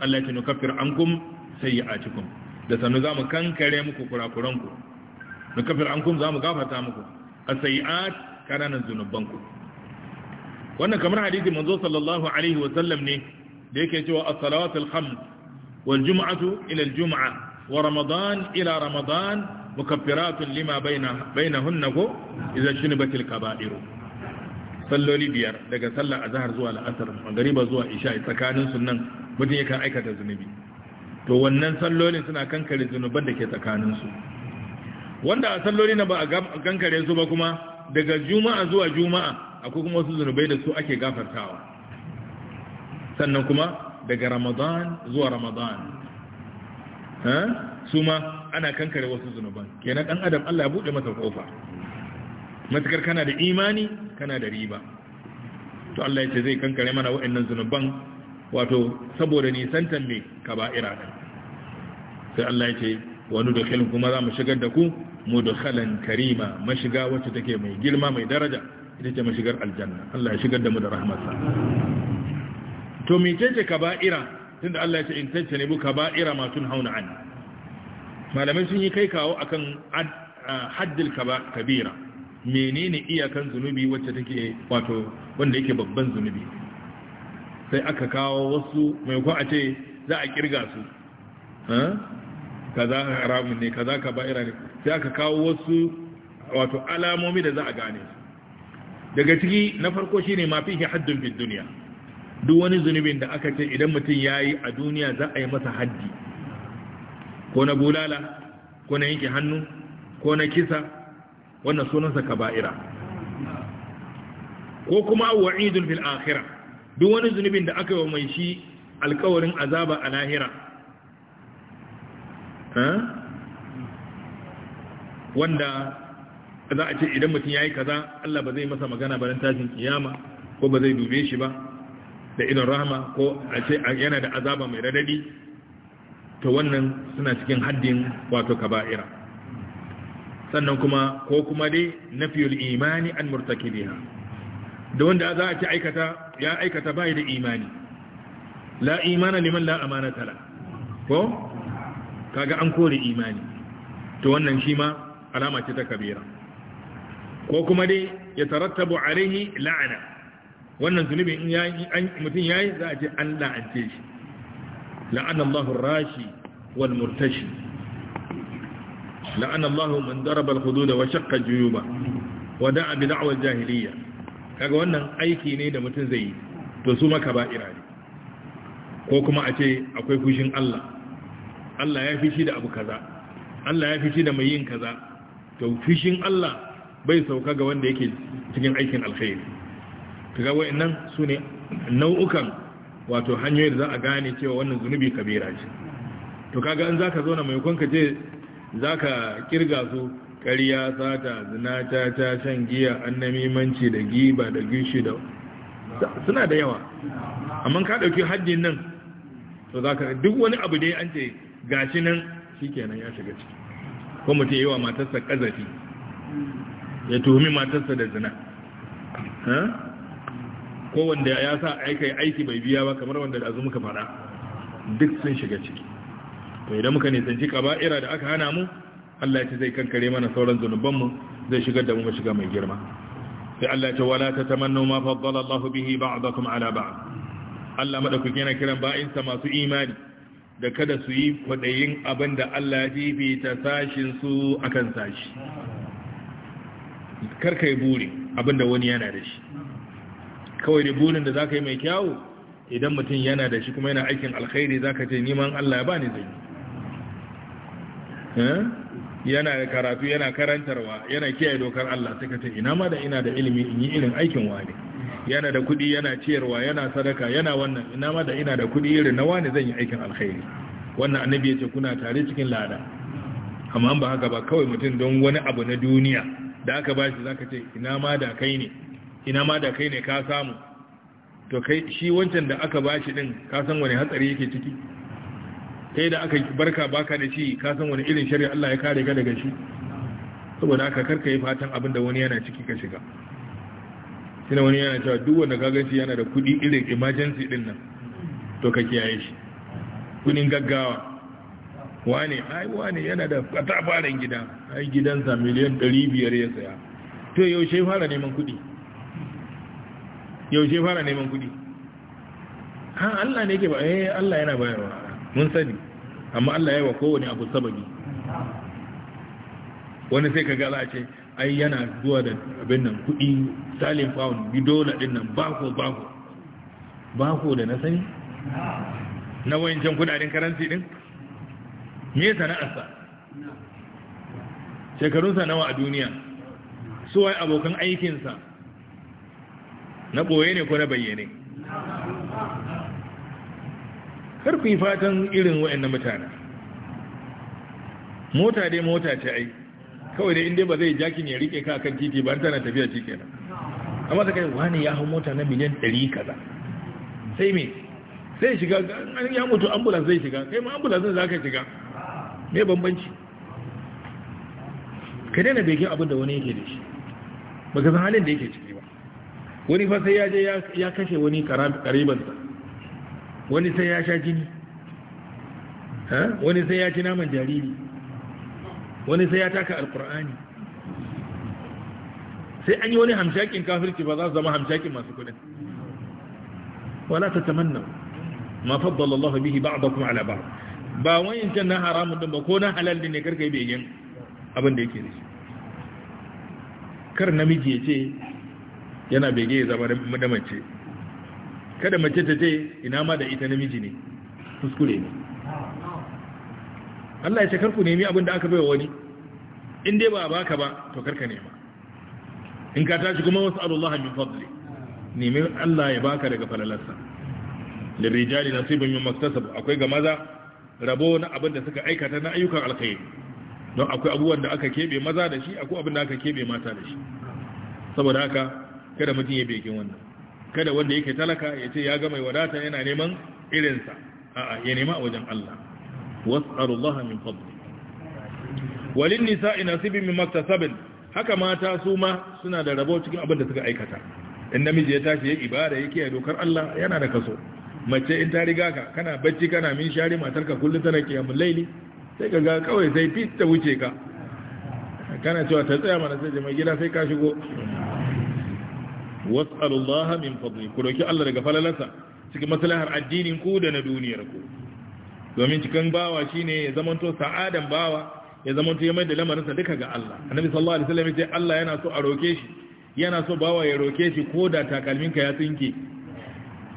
Allah ya ce nukaffir ankum sayyi'atikum da sanu zamu kankare muku kurakuranku nukaffir ankum zamu gafarta muku as-sayyi'at kananan zunubanku wannan kamar hadisi manzo sallallahu alaihi wa sallam ne da yake cewa as-salawat al-khams wal jum'atu ila al-jum'a wa ramadan ila ramadan mukaffiratun lima baina bainahunna ko idza shunibat al-kaba'ir salloli biyar daga sallar azhar zuwa al-asr magriba zuwa isha tsakanin sunnan mutum yakan aikata zunubi to wannan sallolin suna kankare zunuban da ke tsakanin su wanda a salloli na ba a kankare su ba kuma daga juma'a zuwa juma'a akwai kuma wasu zunubai da su ake gafartawa sannan kuma daga ramadan zuwa ramadan su ma ana kankare wasu zunuban kenan ɗan adam Allah ya buɗe masa kofa matukar kana da imani kana da riba to Allah ya ce zai kankare mana waɗannan zunuban wato saboda nisantar mai kaba'ira ɗin sai Allah ya ce wani da kuma za mu shigar da ku mu da karima mashiga wacce take mai girma mai daraja ita ce mashigar aljanna Allah ya shigar da mu da rahmatsa to mecece kaba'ira tunda Allah ya ce in tance ne bu kaba'ira ma tun hauna an malamai sun yi kai kawo akan haddil kabira menene iyakan zunubi wacce take wato wanda yake babban zunubi sai aka kawo wasu mai ko a ce za a kirga su kaza haramun ne kaza kaba'ira ne sai aka kawo wasu wato alamomi da za a gane su daga ciki na farko shine ma fihi haddun fid dunya duk wani zunubin da aka ce idan mutum yayi a duniya za a yi masa haddi ko na bulala ko na yanke hannu ko na kisa wannan sunansa kaba'ira ko kuma wa'idun fil akhirah duk wani zunubin da aka yi wa mai shi alkawarin azaba a lahira wanda za a ce idan mutum ya yi kaza Allah ba zai masa magana don tashin kiyama ko ba zai dube shi ba da idan rahama ko a ce yana da azaba mai radadi to wannan suna cikin haddin wato kaba'ira sannan kuma ko kuma dai na fiyar imani an biya da wanda za a ce aikata ya aikata bayi da imani la imana liman la amana la ko kaga an kore imani to wannan shi ma alama ce ta kabira ko kuma dai ya tarattabu alaihi la'ana wannan zunubi in yayi mutum yayi za a ce an la'ance shi la'ana Allahu rashi wal murtashi la'ana Allahu man daraba al-hudud wa shaqqa juyuba wa da'a bi da'wa al jahiliya kaga wannan aiki ne da mutum zai yi to su maka ba irani ko kuma a ce akwai fushin Allah Allah ya fishi da abu kaza Allah ya fishi da mai yin kaza to fushin Allah bai sauka ga wanda yake cikin aikin alkhairi kaga wayannan ne nau'ukan wato hanyoyi da za a gane cewa wannan zunubi kabira ce to kaga in zaka zauna mai kwanka ce zaka kirga su ƙarya sata zina ta ta shan giya annamimanci da giba da gishi da suna da yawa amma ka dauki haddin nan to zaka duk wani abu da an ce gashi nan shikenan ya shiga ciki ko mutum yawa wa matarsa kazafi ya tuhumi matarsa da zina ko wanda ya sa aika aiki bai biya ba kamar wanda da muka fara duk sun shiga ciki to idan muka nisanci kaba'ira da aka hana mu Allah ya ce zai kankare mana sauran zunubanmu zai shigar da mu shiga mai girma sai Allah ya ce wala tatamannu ma faddala Allah bihi ba'dakum ala ba'd Allah madaukaki yana kiran sa masu imani da kada su yi kwadayin abinda Allah ya jibi ta sashin su akan sashi karka yi buri abinda wani yana da shi kawai da burin da za ka yi mai kyawu idan mutum yana da shi kuma yana aikin alkhairi za ka ce neman Allah ya ni zai eh? yana karatu yana karantarwa yana kiyaye dokar Allah suka ce ina ma da ina da ilimi in yi irin aikin wani yana da kuɗi yana ciyarwa yana sadaka yana wannan ina ma da ina da kuɗi irin na wani zan yi aikin alkhairi wannan annabi ya ce kuna tare cikin lada amma ba haka ba kawai mutum don wani abu na duniya da aka bashi zaka ce ina ma da kai ne ina ma da kai ne ka samu to kai shi wancan da aka bashi din ka san wani hatsari yake ciki kai da aka barka baka da shi ka san wani irin shari'a Allah ya kare ka daga shi saboda aka karka yi fatan abinda wani yana ciki ka shiga shine wani yana cewa duk wanda ka ganci yana da kudi irin emergency din nan to ka kiyaye shi Kunin gaggawa wane ai wane yana da katafaren gida ai gidansa miliyan 500 ya saya to yaushe fara neman kudi yaushe fara neman kudi ha Allah ne ke ba eh Allah yana bayarwa mun sani amma Allah yayi wa kowane abu sababi wani sai kaga za a ce ai yana zuwa da abin nan kudi salin pound dola din nan bako bako bako da na sani na wayancan kudaden karansi din me sana'arsa shekarunsa nawa a duniya suwai abokan aikinsa na ɓoye ne ko na bayyane karfi fatan irin wa'annan mutane mota dai mota ce ai kawai dai inda ba zai jakin ya rike ka kan titi ba tana tafiya ci kenan amma ta kai wani ya hau mota na miliyan 100 kaza sai me sai shiga an ya mutu ambulance zai shiga kai ma ambulance za ka shiga me bambanci ka daina begin abin da wani yake da shi ba ka san halin da yake ciki ba wani fa sai ya je ya kashe wani karibansa wani sai ya sha jini wani sai ya ci naman jariri wani sai ya taka alkur'ani sai an yi wani hamshakin kafirci ba za su zama hamshakin masu kudin wala ta tamanna ma faddala Allah bihi ba'dakum ala ba'd ba can na haramun ɗin ba ko na halal din ne karka yi begen abin da yake da shi kar namiji ya ce yana bege ya zama da mace kada mace ta ce ina ma da ita namiji ne kuskure ne Allah ya ce karku nemi abin da aka bai wani in dai ba a baka ba to karka nema in ka tashi kuma wasu Allah min fadli nemi Allah ya baka daga falalarsa lirijali nasibin min maktasab akwai ga maza rabo na abin da suka aikata na ayyukan alkhairi don akwai abubuwan da aka kebe maza da shi akwai abin da aka kebe mata da shi saboda haka kada mutum ya bekin wannan kada wanda yake talaka ya ce ya ga mai wadata yana neman irinsa a'a ya nema a wajen Allah was'arullah min fadli walin nisa'i nasibin min maktasabin haka mata su ma suna da rabo cikin abin da suka aikata in namiji ya tashi ya ibada ya kiyaye dokar Allah yana da kaso mace in ta riga ka kana bacci kana min share matarka kullum tana kiyamun laili sai ka ga kawai sai fit ta wuce ka kana cewa ta tsaya mana sai mai gida sai ka shigo was'alullaha min fadli ku roki Allah daga falalarsa cikin maslahar addinin ku da na duniyar ku domin cikin bawa shine ya to sa'adan bawa ya zamanto ya mai da lamarin sa duka ga Allah annabi sallallahu alaihi wasallam yace Allah yana so a roke shi yana so bawa ya roke shi ko da takalminka ya tsinke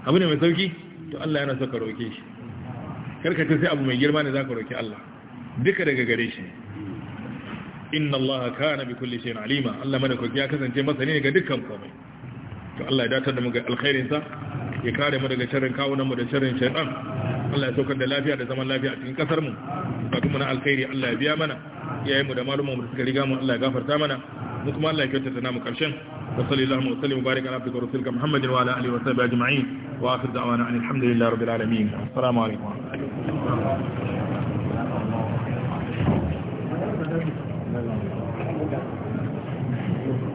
abu ne mai sauki to Allah yana so ka roke shi karka ta sai abu mai girma ne za ka roki Allah duka daga gare shi inna Allah na bi kulle shay'in alima Allah mana madaukaki ya kasance masani ne ga dukkan komai to Allah ya datar da mu ga alkhairinsa, ya kare mu daga sharrin kawunan mu da sharrin shaytan Allah ya saukar da lafiya da zaman lafiya a cikin kasar mu ka kuma na alkhairi Allah ya biya mana iyayen mu da malumanmu da suka riga mu Allah ya gafarta mana mu kuma Allah ya kyautata namu karshen wa sallallahu wa sallam barik ala abdika rasulika muhammadin wa ala alihi wa sahbihi ajma'in wa akhir da'wana alhamdulillahi rabbil alamin assalamu alaikum